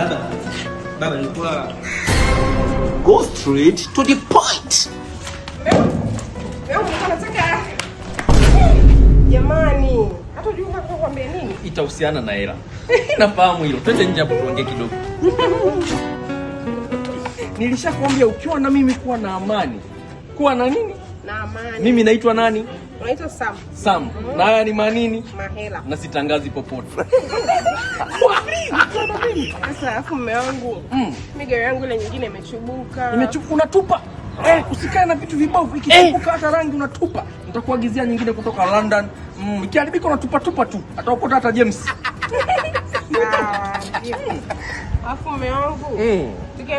Baba, baba nilikuwa go straight to the point. Jamani, hata juu nakwambia nini? Itahusiana na hela. Nafahamu hilo. Twende nje hapo tuongee kidogo. Nilishakwambia ukiwa na mimi kuwa na amani. Kuwa na nini? Na amani. Mimi naitwa nani? Unaitwa Sam. Sam. Mm -hmm. Na haya ni manini? Mahela. Na sitangazi popote. Sasa alafu mume wangu mm. Gari yangu ile nyingine imechubuka. Imechubuka unatupa? Eh, usikae na vitu vibovu ikichubuka eh. hata eh, rangi unatupa. Nitakuagizia nyingine kutoka London. Mm, ikiharibika unatupa tupa tu. Ataokota hata James. mume wangu. Mm.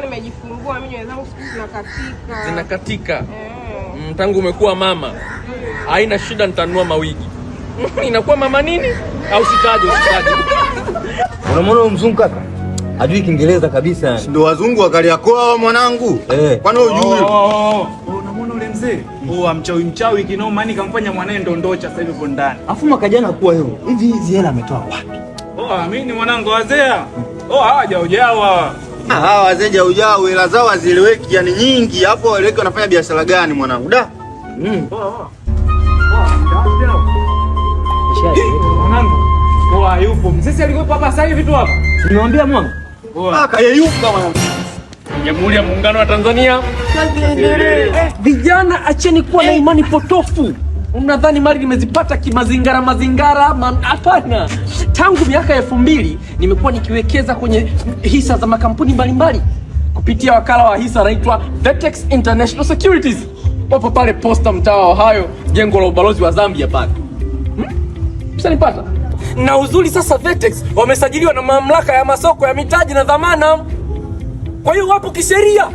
nimejifungua mimi nywele zangu siku zinakatika. Zinakatika. Eh. Mm, tangu umekuwa mama. Haina shida nitanua mawigi. Inakuwa mama nini? Au sitaje usitaje. Unamwona mzungu kaka? Hajui Kiingereza kabisa. Ndio wazungu wakaliakoa wao mwanangu. Eh. Kwani Oh, oh, oh, oh. Unamwona ule mzee? Oh, amchawi mchawi kinao maana kamfanya mwanae ndondocha sasa hivi ndani. Afu mwaka jana kuwa hiyo. Hivi hizi hela ametoa wapi? Oh, amini mwanangu wazee. Oh, hawa jaujawa. Hawa wazee jaujao hela zao hazieleweki yani nyingi. Hapo waeleweki wanafanya biashara gani mwanangu? Da. Mm. Oh, oh. hayupo. Msisi alikuwepo hapa sasa hivi tu hapa. yeyuka Jamhuri ya Muungano wa Tanzania. Eh, vijana acheni kuwa na eh. imani potofu. Mnadhani mali nimezipata kimazingara mazingara? Hapana. Tangu miaka elfu mbili nimekuwa nikiwekeza kwenye hisa za makampuni mbalimbali kupitia wakala wa hisa anaitwa Vertex International Securities. Wapo pale Posta, mtaa wa Ohio, jengo la ubalozi wa Zambia pale. Hmm? Msanipata? na uzuri sasa Vertex wamesajiliwa na mamlaka ya masoko ya mitaji na dhamana, kwa hiyo wapo kisheria.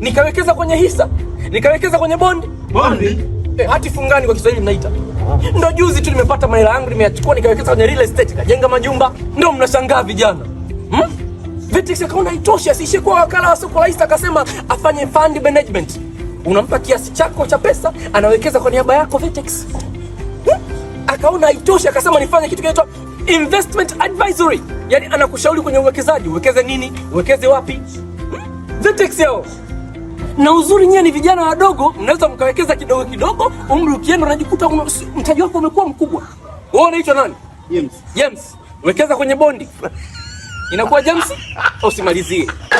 Nikawekeza kwenye hisa, nikawekeza kwenye bondi bondi, eh, hati fungani kwa Kiswahili mnaita Ndo juzi tu nimepata mahela yangu nimeyachukua nikawekeza kwenye real estate kajenga majumba. Ndo mnashangaa vijana hmm? Vertex akaona itoshi, asiishe kuwa wakala wa soko la akasema afanye fund management. Unampa kiasi chako cha pesa, anawekeza kwa niaba yako Vertex akaona haitoshi, akasema nifanye kitu kinaitwa investment advisory, yani anakushauri kwenye uwekezaji, uwekeze nini, uwekeze wapi. Hmm? yao Na uzuri nyie ni vijana wadogo, mnaweza mkawekeza kidogo kidogo, umri ukienda unajikuta mtaji wako umekuwa mkubwa. Wewe unaitwa nani? James. James, wekeza kwenye bondi inakuwa James, usimalizie